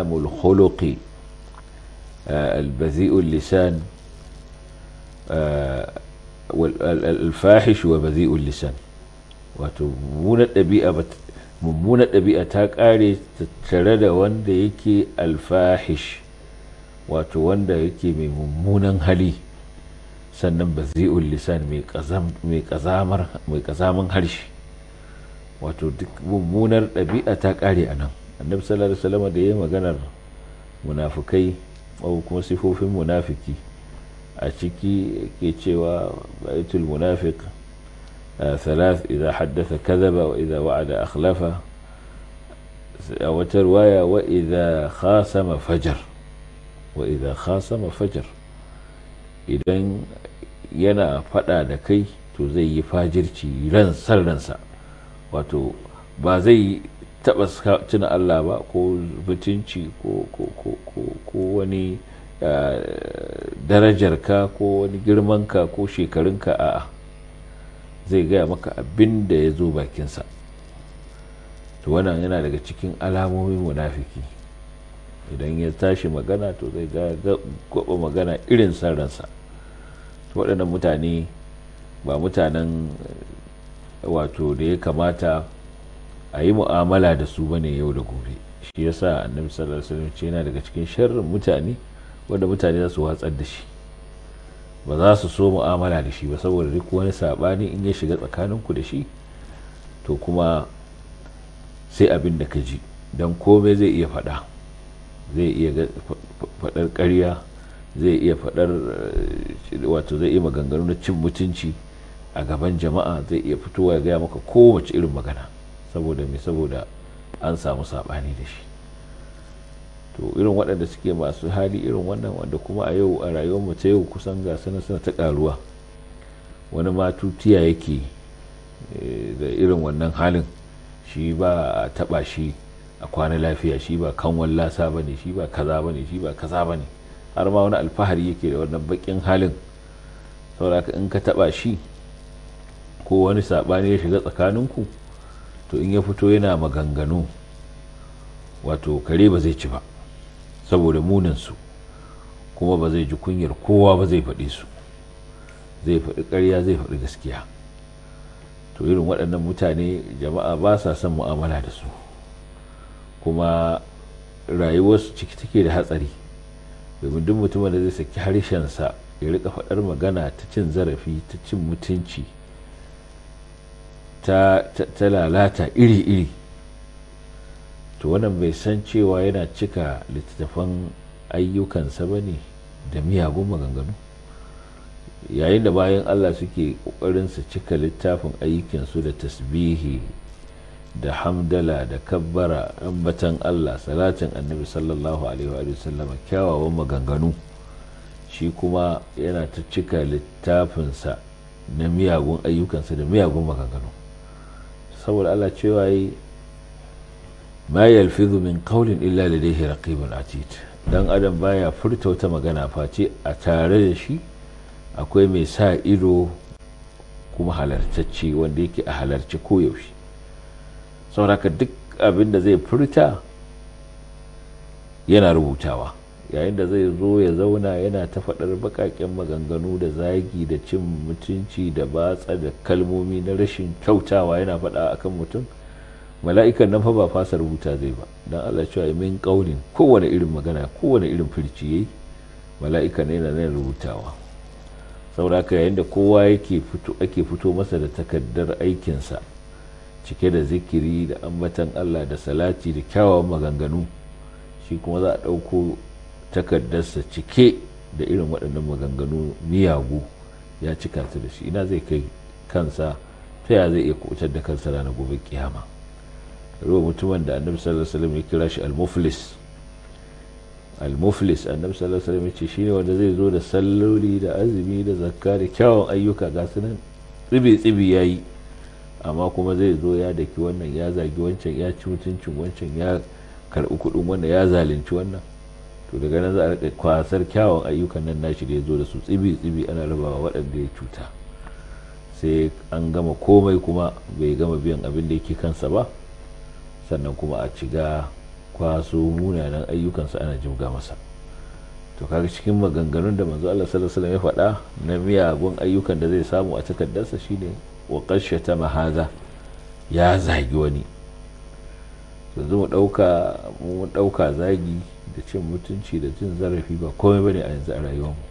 أم الخلق آه، البذيء اللسان آه، الفاحش وبذيء اللسان وتمون الأبيئة ممون الأبيئة تاكاري تترد وندهيك الفاحش وتوندهيك ممون هلي سنن بذيء اللسان ميكازامر ميكازامر هلي وتدك ممون الأبيئة تاكاري أنا annabi sallallahu alaihi wasallam da yayi maganar munafikai kuma sifofin munafiki a ciki ke cewa baitul munafik thalath idza haddatha kadhaba wa a wata riwaya wa idza khasama fajar fajar idan yana faɗa da kai to zai yi fajirci ran san wato ba zai taɓa tuna Allah ba ko mutunci ko ko wani eh, darajar ka ko wani girman ka ko shekarun ka a'a zai gaya maka abin da ya zo bakinsa to wannan yana daga cikin alamomin munafiki idan ya tashi magana to zai ga gaɓa magana irin sa to waɗannan mutane ba mutanen wato da ya kamata a yi mu'amala da su bane yau da gobe shi yasa annabi sallallahu alaihi wasallam ce yana daga cikin sharrin mutane wanda mutane za su watsar da shi ba za su so mu'amala da shi ba saboda duk wani sabani in ya shiga tsakaninku da shi to kuma sai abin da ka ji don komai zai iya faɗa zai iya faɗar ƙarya zai iya faɗar eh, wato zai iya maganganu na cin mutunci a gaban jama'a zai iya fitowa ya gaya maka kowace irin magana saboda mai saboda an samu saɓani da shi to irin waɗanda suke masu hali irin wannan wanda kuma a yau a rayuwar mu ta yau kusan ga suna suna ta ƙaruwa wani ma tutiya yake eh, da irin wannan halin shi ba a taɓa shi a kwana lafiya shi ba kanwan lasa ba ne shi ba kaza ba ne shi ba kaza ba ne har ma wani alfahari yake da wannan baƙin halin saboda in ka taɓa shi ko wani saɓani ya shiga tsakaninku ku to in ya fito yana maganganu wato kare ba zai ci ba saboda su kuma ba zai ji kunyar kowa ba zai faɗi su zai faɗi ƙarya zai faɗi gaskiya to irin waɗannan mutane jama'a ba sa son mu'amala da su kuma rayuwarsu ciki take da hatsari domin duk mutumin da zai saki harshen sa ya rika faɗar magana ta cin zarafi ta cin mutunci ta lalata iri-iri to wannan bai san cewa yana cika littattafan ayyukansa ba ne da miyagun maganganu yayin da bayan allah suke ƙoƙarin su cika littafin ayyukansu da tasbihi da hamdala da kabbara ambatan allah salatin annabi sallallahu alaihi wa sallama kyawawan maganganu shi kuma yana ta cika littafinsa na miyagun ayyukansa da miyagun maganganu saboda Allah cewa yi ma yalfizu min qawlin illa ladayhi raqibun atid dan adam baya furta wata magana face a tare da shi akwai mai sa ido kuma halartacce wanda yake a halarci koyaushe saboda duk abin da zai furta yana rubutawa yayin da zai zo ya zauna yana ta faɗar baƙaƙen maganganu da zagi da cin mutunci da batsa da kalmomi na rashin kyautawa yana faɗa akan mutum mala'ikan nan fa ba fasa rubuta zai ba don Allah cewa min ƙaunin kowane irin magana kowane irin firci yayi mala'ika ne yana nan rubutawa saboda haka yayin da kowa yake fito ake fito masa da takardar aikinsa cike da zikiri da ambatan Allah da salati da kyawawan maganganu shi kuma za a ɗauko takardarsa cike da irin waɗannan maganganu miyagu ya cika ta da shi ina zai kai kansa taya zai iya kuɓutar da kansa na gobe kiyama ruwa mutumin da annabi sallallahu alaihi wasallam ya kira shi al-muflis al-muflis annabi sallallahu alaihi wasallam ya ce shine wanda zai zo da salloli da azumi da zakka da kyawun ayyuka ga su nan tsibi tsibi yayi amma kuma zai zo ya daki wannan ya zagi wancan ya ci mutuncin wancan ya karɓi kuɗin wannan ya zalunci wannan to daga nan za a rika kwasar kyawun ayyukan nan nashi da ya zo da su tsibi tsibi ana rabawa waɗanda ya cuta sai an gama komai kuma bai gama biyan abin da yake kansa ba sannan kuma a ciga kwaso munanan ayyukansa ana jimga masa to kaga cikin maganganun da manzo Allah sallallahu alaihi wasallam ya faɗa na miyagun ayyukan da zai samu a takardarsa shine wa qashata mahaza ya zagi wani yanzu mu dauka mu ɗauka zagi da cin mutunci da cin zarafi ba komai ba ne a yanzu a rayuwarmu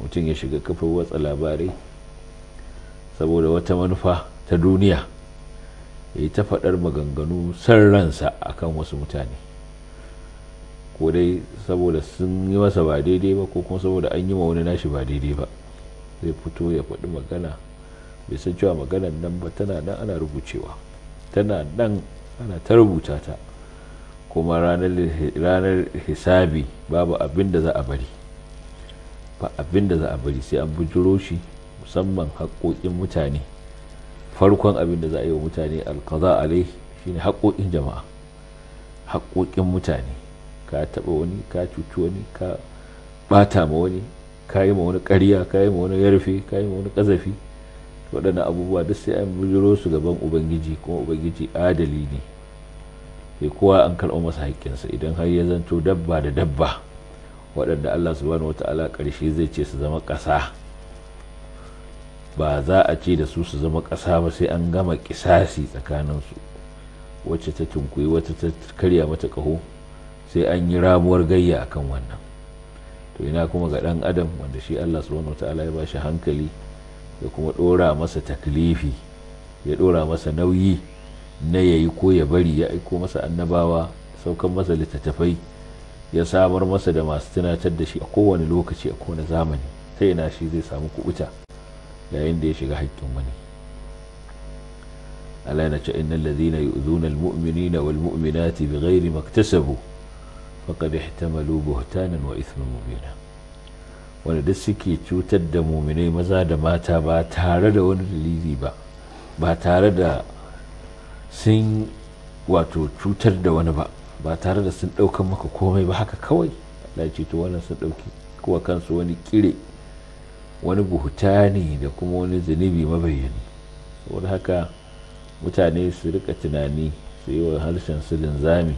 mutum ya shiga kafar watsa labarai saboda wata manufa ta duniya ya yi ta faɗar maganganu san ransa akan wasu mutane ko dai saboda sun yi masa ba daidai ba ko kuma saboda an yi ma wani nashi ba daidai ba zai fito ya faɗi magana bai san cewa maganan nan ba tana nan ana rubucewa tana nan ana ta rubuta ta kuma ranar hisabi babu abin da za a bari ba abin da za a bari sai an bujiro shi musamman haƙoƙin mutane farkon abin da za a yi wa mutane alkaza alai shine haƙoƙin jama'a haƙoƙin mutane ka taɓa wani ka cuci wani ka ɓata ma wani ka yi ma wani ƙarya ka yi ma wani yarfe ka yi ma wani ƙazafi waɗannan abubuwa duk sai an bujiro su gaban ubangiji kuma ubangiji adali ne sai kowa an karɓo masa haƙƙinsa idan har ya zanto dabba da dabba waɗanda Allah subhanahu wata'ala ƙarshe zai ce su zama ƙasa ba za a ce da su su zama ƙasa ba sai an gama ƙisasi su wacce ta tunkuyi wata ta karya mata ƙaho sai an yi ramuwar gayya akan wannan to ina kuma ga ɗan adam wanda shi Allah subhanahu wata'ala ya ba shi hankali ya kuma ɗora masa taklifi ya ɗora masa nauyi na ya yi ko ya bari ya aiko masa annabawa saukan masa littattafai ya samar masa da masu tunatar da shi a kowane lokaci a kowane zamani ta ina shi zai samu kubuta yayin da ya shiga haƙƙin wani ala inna ce innal ladhina yu'zuna al-mu'minina wal bighairi maktasabu faqad ihtamalu buhtanan wa ithman mubina wanda duk suke cutar da muminai maza da mata ba tare da wani dalili ba ba tare da sun wato cutar da wani ba ba tare da sun ɗaukan maka komai ba haka kawai Allah ce to wannan sun ɗauki kuwa kansu wani kire wani buhutani da kuma wani zunubi mabayyani saboda haka mutane su rika tunani su yi wa harshen su linzami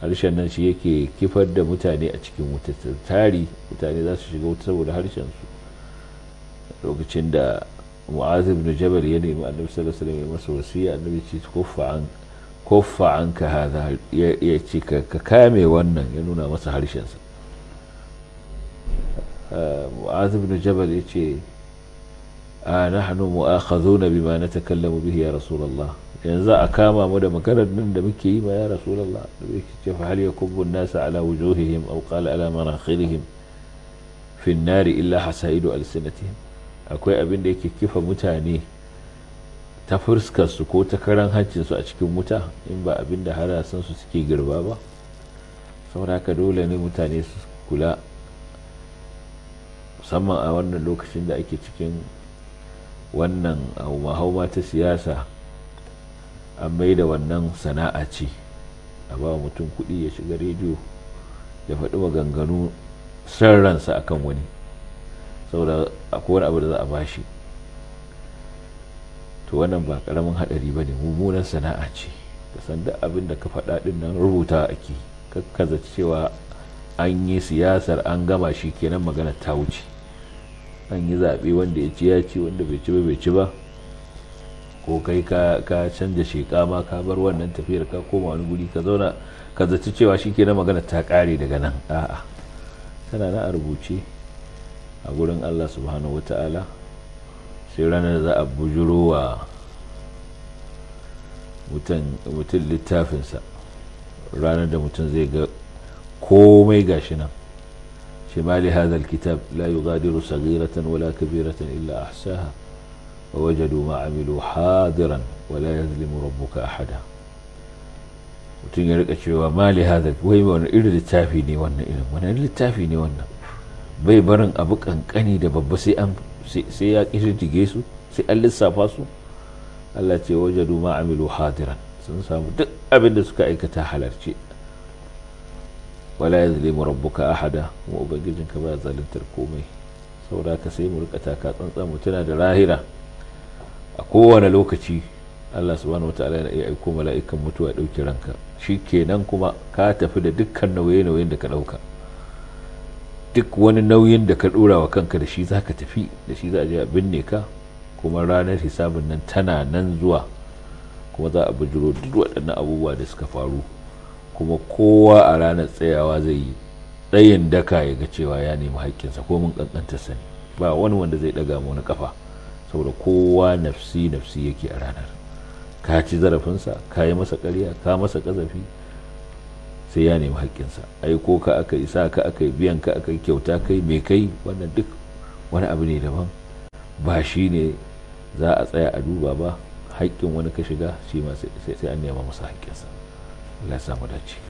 harshen nan shi yake kifar da mutane a cikin wuta tari mutane za su shiga wuta saboda harshen su lokacin da mu'az jabal ya nemi annabi sallallahu alaihi wasallam masa wasiya annabi ce kuffa an kuffa anka wannan ya nuna masa harshensa ah, mu'az ibn jabal ya ce a nahnu mu'akhazuna bima natakallamu bihi ya rasulullah yanzu a kama mu da maganar nan da muke yi ma ya rasulullah da yake ce fa hal yakubbu an-nas ala wujuhihim aw qala ala manakhirihim fi an-nar illa hasaidu alsinatihim akwai abin da yake kifa mutane ta fuskarsu ko ta karan hancinsu a cikin wuta in ba abin da harasansu suke girba ba saboda haka dole ne mutane su kula musamman a wannan lokacin da ake cikin wannan hauma ta siyasa an mai da wannan sana'a ce a ba mutum kuɗi ya shiga rediyo ya faɗi maganganu san ransa akan wani saboda a wani abu da za a bashi to wannan ba karamin hadari ba ne mummunan sana'a ce da san abin da ka faɗa din nan rubuta ke kakkaza cewa an yi siyasar an gama shi kenan magana ta wuce an yi zaɓe wanda ya ci ya ci wanda bai ci ba bai ci ba ko kai ka canza sheƙa ma ka bar wannan tafiyar ka koma wani guri ka zauna ka zaci cewa shi kenan magana ta ƙare daga nan a'a tana na a rubuce a gurin allah subhanahu ta'ala sai ranar da za a bujuro wa mutum littafinsa ranar da mutum zai ga komai gashi nan shi ma li hadha alkitab la yughadiru saghiratan wala kabiratan illa ahsaha wa wajadu ma amilu hadiran wala yazlimu rabbuka ahada mutum ya rika cewa ma li hadha wai wani irin littafi ne wannan irin wani littafi ne wannan bai barin abu kankani da babba sai an sai ya kirdige su sai an lissafa su Allah ce wajadu duma amilu hadiran sun samu duk abin da suka aikata halarci wala yazlimu rabbuka ahada kuma ka ba zaluntar komai saboda ka sai mu rika taka tsantsan mu tana da rahira a kowane lokaci Allah subhanahu wataala yana iya aiko mala'ikan mutuwa ya dauki ranka shikenan kuma ka tafi da dukkan nauye-nauyen da ka ɗauka. duk wani nauyin da ka ɗora wa kanka da shi za ka tafi da shi za a je a binne ka kuma ranar hisabin nan tana nan zuwa kuma za a bujiro duk waɗannan abubuwa da suka faru kuma kowa a ranar tsayawa zai yi tsayin daka ya ga cewa ya nemi haƙƙinsa ko mun ƙanƙanta sani ba wani wanda zai ɗaga wani kafa saboda kowa nafsi nafsi yake a ranar ka ci zarafinsa ka yi masa ƙarya ka masa ƙazafi sai ya nemi haƙƙinsa aiko ka aka isa ka aka biyan ka aka kyauta kai mai kai wannan duk wani abu ne daban ba shi ne za a tsaya a duba ba haƙƙin wani ka shiga shi ma sai an nema masa haƙƙinsa Allah ya samu dace